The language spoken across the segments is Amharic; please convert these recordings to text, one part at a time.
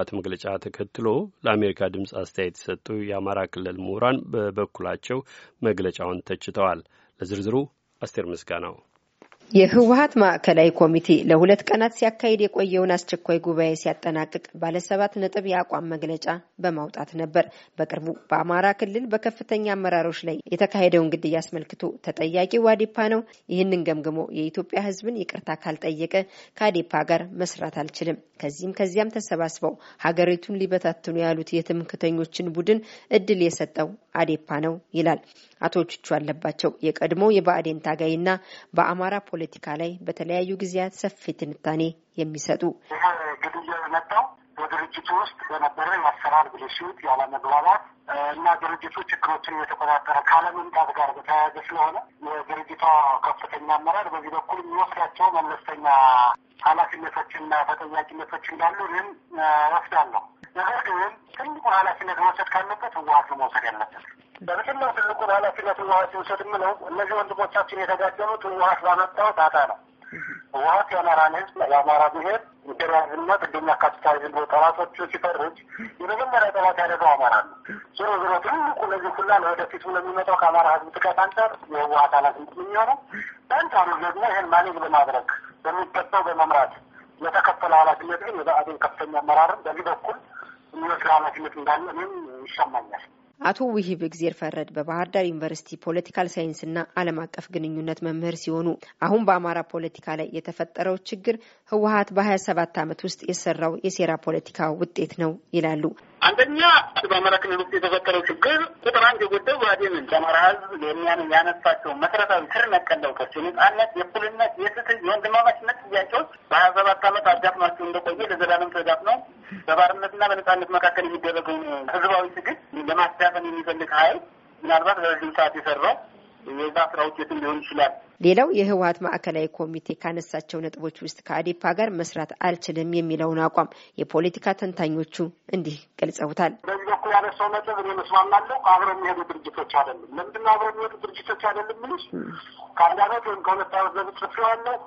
ህወሓት መግለጫ ተከትሎ ለአሜሪካ ድምፅ አስተያየት የሰጡ የአማራ ክልል ምሁራን በበኩላቸው መግለጫውን ተችተዋል። ለዝርዝሩ አስቴር ምስጋናው የህወሀት ማዕከላዊ ኮሚቴ ለሁለት ቀናት ሲያካሂድ የቆየውን አስቸኳይ ጉባኤ ሲያጠናቅቅ ባለሰባት ነጥብ የአቋም መግለጫ በማውጣት ነበር። በቅርቡ በአማራ ክልል በከፍተኛ አመራሮች ላይ የተካሄደውን ግድያ አስመልክቶ ተጠያቂ አዴፓ ነው። ይህንን ገምግሞ የኢትዮጵያ ህዝብን ይቅርታ ካልጠየቀ ከአዴፓ ጋር መስራት አልችልም፣ ከዚህም ከዚያም ተሰባስበው ሀገሪቱን ሊበታትኑ ያሉት የትምክተኞችን ቡድን እድል የሰጠው አዴፓ ነው ይላል። አቶ ቹቹ አለባቸው የቀድሞ የብአዴን ታጋይና በአማራ ፖለቲካ ላይ በተለያዩ ጊዜያት ሰፊ ትንታኔ የሚሰጡ ግድያ የመጣው በድርጅቱ ውስጥ በነበረ የአሰራር ብልሽት፣ ያለመግባባት እና ድርጅቱ ችግሮችን እየተቆጣጠረ ካለመምጣት ጋር በተያያዘ ስለሆነ የድርጅቷ ከፍተኛ አመራር በዚህ በኩል የሚወስዳቸው መለስተኛ ኃላፊነቶችና ተጠያቂነቶች እንዳሉ እኔም ወስዳለሁ። ነገር ግን ትልቁ ኃላፊነት መውሰድ ካለበት ህወሀት መውሰድ ያለበት በመጀመሪያ ትልቁን ኃላፊነት ህወሀት ይውሰድ የምለው እነዚህ ወንድሞቻችን የተጋደሉት ህወሀት ባመጣው ጣጣ ነው። ህወሀት የአማራን ህዝብ የአማራ ብሄር ኢምፔሪያሊዝምና ጥገኛ ካፒታሊዝም ብሎ ጠላቶቹ ሲፈርጅ የመጀመሪያ ጠላት ያደረገው አማራ ነው። ዞሮ ዞሮ ትልቁ ለዚህ ሁላ ለወደፊቱ ለሚመጣው ከአማራ ህዝብ ጥቀት አንጻር የህወሀት አላት የሚሆነው በአንጻሩ ደግሞ ይህን ማኔጅ በማድረግ በሚገባው በመምራት የተከፈለ ኃላፊነት ግን የብአዴን ከፍተኛ አመራርም በዚህ በኩል የሚወስድ ኃላፊነት እንዳለ እኔም ይሰማኛል። አቶ ውሂብ እግዜር ፈረድ በባህር ዳር ዩኒቨርሲቲ ፖለቲካል ሳይንስ ሳይንስና ዓለም አቀፍ ግንኙነት መምህር ሲሆኑ አሁን በአማራ ፖለቲካ ላይ የተፈጠረው ችግር ህወሀት በሀያ ሰባት ዓመት ውስጥ የሰራው የሴራ ፖለቲካ ውጤት ነው ይላሉ። አንደኛ በአማራ ክልል ውስጥ የተፈጠረው ችግር ቁጥር አንድ የጎደው ብአዴንን ለአማራ ህዝብ ያነሳቸው መሰረታዊ ስር ነቀል ለውጦች የነጻነት፣ የእኩልነት፣ የፍትህ፣ የወንድማማችነት ጥያቄዎች በሀያ ሰባት ዓመት አዳፍኗቸው እንደቆየ ለዘላለም ተዳፍነው በባርነትና በነጻነት መካከል የሚደረገውን ህዝባዊ ትግል ለማስዳፈን የሚፈልግ ሀይል ምናልባት ለረዥም ሰዓት የሰራው የዛ ስራ ውጤትም ሊሆን ይችላል። ሌላው የህወሀት ማዕከላዊ ኮሚቴ ካነሳቸው ነጥቦች ውስጥ ከአዴፓ ጋር መስራት አልችልም የሚለውን አቋም የፖለቲካ ተንታኞቹ እንዲህ ገልጸውታል። በዚህ በኩል ያነሳው ነጥብ እኔ መስማማለሁ። አብረው የሚሄዱ ድርጅቶች አይደለም። ለምንድነው አብረው የሚሄዱ ድርጅቶች አይደለም? ምንስ ከአንድ አመት ወይም ከሁለት አመት በፊት ጽፌዋለሁ።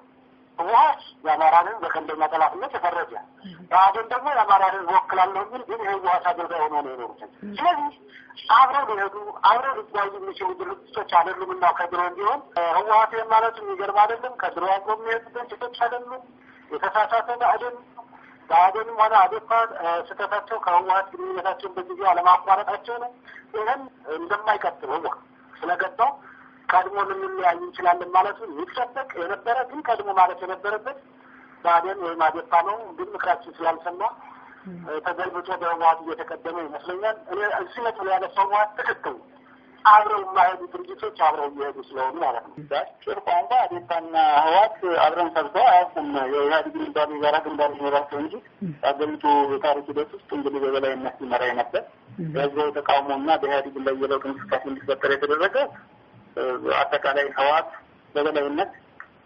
ህወሓት የአማራን ህዝብ በቀንደኛ ጠላትነት የፈረጀ ብአዴን ደግሞ የአማራን ህዝብ ወክላለሁ የሚል ግን የህወሓት አገልጋይ ሆኖ ነው የኖሩትን። ስለዚህ አብረው ሊሄዱ አብረው ሊጓዙ የሚችሉ ድርጅቶች አይደሉም እና ከድሮ ቢሆን ህወሓት ማለት የሚገርም አይደለም። ከድሮ አብሮ የሚሄዱ ድርጅቶች አይደሉም። የተሳሳተ ብአዴን ብአዴንም ሆነ አዴፓ ስህተታቸው ከህወሓት ግንኙነታቸውን በጊዜ አለማቋረጣቸው ነው። ይህን እንደማይቀጥል ህወሓት ስለገባው ቀድሞ ልንለያይ እንችላለን ማለቱ ይጠበቅ የነበረ ግን ቀድሞ ማለት የነበረበት ብአዴን ወይም አዴፓ ነው። ግን ምክራችን ስላልሰማ ተገልብጦ በህወሀት እየተቀደመ ይመስለኛል። እኔ እዚህ ነጥብ ያለ ሰው ህወሀት ትክክል አብረው የማይሄዱ ድርጅቶች አብረው እየሄዱ ስለሆኑ ማለት ነው። ጭር ቋንቋ አዴፓና ህወሀት አብረን ሰርተው አያውቁም። የኢህአዴግ ሚባሉ የጋራ ግንባር ኖራቸው እንጂ አገሪቱ የታሪክ ሂደት ውስጥ እንግዲህ በበላይነት ይመራ ነበር። በዛው ተቃውሞና በኢህአዴግ ላይ የለውጥ እንቅስቃሴ እንዲፈጠር የተደረገ አጠቃላይ ህዋት በበላይነት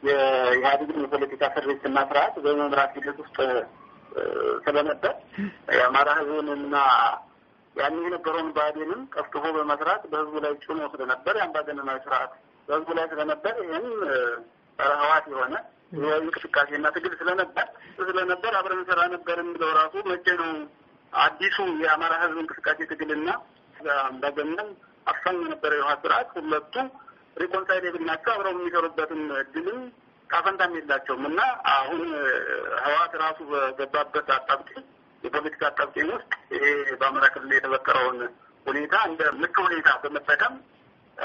የኢህአዴግን የፖለቲካ ስሪትና ስርዓት በመምራት ሂደት ውስጥ ስለነበር የአማራ ህዝብንና ያን የነበረውን ብአዴንም ቀፍቅፎ በመስራት በህዝቡ ላይ ጭኖ ስለነበር የአምባገነናዊ ስርዓት በህዝቡ ላይ ስለነበር ይህም ረህዋት ህዋት የሆነ እንቅስቃሴና ትግል ስለነበር ስለነበር አብረን ሰራ ነበር የሚለው ራሱ መቼ ነው አዲሱ የአማራ ህዝብ እንቅስቃሴ ትግልና አምባገነን አፋኝ የነበረ የህወሓት ስርዓት ሁለቱ ሪኮንሳይሌብል ናቸው። አብረው የሚሰሩበትን እድልም ካፈንታም የላቸውም እና አሁን ህወሓት ራሱ በገባበት አጣብቂኝ የፖለቲካ አጣብቂኝ ውስጥ ይሄ በአማራ ክልል የተፈጠረውን ሁኔታ እንደ ምቹ ሁኔታ በመጠቀም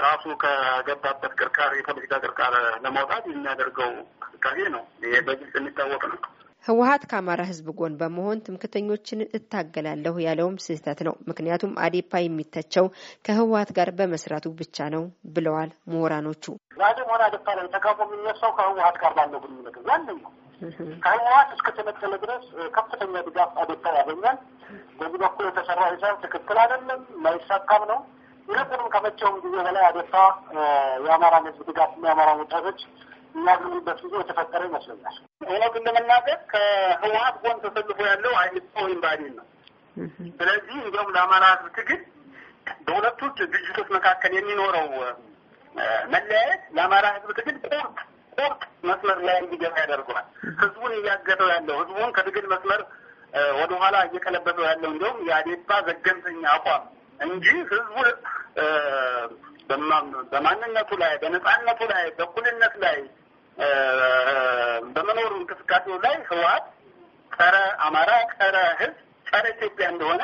ራሱ ከገባበት ቅርቃር የፖለቲካ ቅርቃር ለማውጣት የሚያደርገው እንቅስቃሴ ነው። ይሄ በግልጽ የሚታወቅ ነው። ህወሀት ከአማራ ህዝብ ጎን በመሆን ትምክተኞችን እታገላለሁ ያለውም ስህተት ነው። ምክንያቱም አዴፓ የሚተቸው ከህወሀት ጋር በመስራቱ ብቻ ነው ብለዋል ምሁራኖቹ። ዛሬም ሆነ አዴፓ ላይ ተቃውሞ የሚነሳው ከህወሀት ጋር ባለው ግንኙነት ዋነኛው ከህወሀት እስከተነጠለ ድረስ ከፍተኛ ድጋፍ አዴፓ ያገኛል። በዚህ በኩል የተሰራ ሂሳብ ትክክል አይደለም፣ ላይሳካም ነው። ይልቁንም ከመቼውም ጊዜ በላይ አዴፓ የአማራን ህዝብ ድጋፍ የአማራን ወጣቶች የሚናገሩበት ጊዜ የተፈጠረ ይመስለኛል። እውነቱን ለመናገር ከህወሀት ጎን ተሰልፎ ያለው አይነት ወይም ባዲን ነው። ስለዚህ እንዲሁም ለአማራ ህዝብ ትግል በሁለቱ ድርጅቶች መካከል የሚኖረው መለያየት ለአማራ ህዝብ ትግል ቁርጥ ቁርጥ መስመር ላይ እንዲገባ ያደርገዋል። ህዝቡን እያገተው ያለው ህዝቡን ከትግል መስመር ወደኋላ እየቀለበሰው ያለው እንዲሁም የአዴፓ ዘገምተኛ አቋም እንጂ ህዝቡ በማንነቱ ላይ፣ በነጻነቱ ላይ፣ በኩልነት ላይ በመኖሩ እንቅስቃሴው ላይ ህወሀት ጸረ አማራ፣ ጸረ ህዝብ፣ ጸረ ኢትዮጵያ እንደሆነ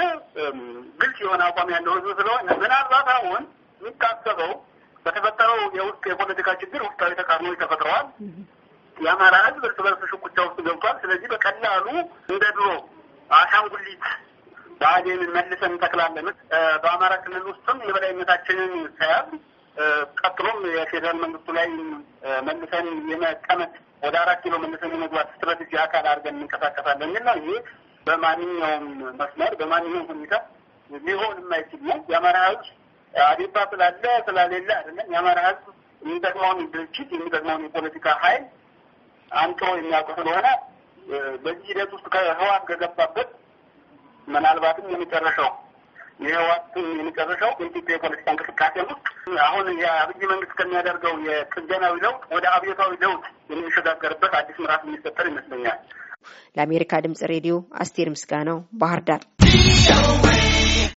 ግልጽ የሆነ አቋም ያለው ህዝብ ስለሆነ ምናልባት አሁን የሚታሰበው በተፈጠረው የውስጥ የፖለቲካ ችግር ውስጣዊ ተቃርኖ ተፈጥረዋል። የአማራ ህዝብ እርስ በርስ ሽኩቻ ውስጥ ገብቷል። ስለዚህ በቀላሉ እንደ ድሮ አሻንጉሊት ብአዴንን መልሰን እንተክላለን። በአማራ ክልል ውስጥም የበላይነታችንን ሳያዝ ቀጥሎም የፌዴራል መንግስቱ ላይ መልሰን የመቀመጥ ወደ አራት ኪሎ መልሰን የመግባት ስትራቴጂ አካል አድርገን እንንቀሳቀሳለን እና ይህ በማንኛውም መስመር በማንኛውም ሁኔታ ሊሆን የማይችል ነው። የአማራ ህዝብ አዴባ ስላለ ስላሌለ አይደለም። የአማራ ህዝብ የሚጠቅመውን ድርጅት የሚጠቅመውን የፖለቲካ ሀይል አንቶ የሚያውቁ ስለሆነ በዚህ ሂደት ውስጥ ከህዋት ከገባበት ምናልባትም የመጨረሻው ወቅት የመጨረሻው በኢትዮጵያ የፖለቲካ እንቅስቃሴ ውስጥ አሁን የአብይ መንግስት ከሚያደርገው የጥገናዊ ለውጥ ወደ አብዮታዊ ለውጥ የሚሸጋገርበት አዲስ ምዕራፍ የሚፈጠር ይመስለኛል። ለአሜሪካ ድምጽ ሬዲዮ አስቴር ምስጋናው ባህር ዳር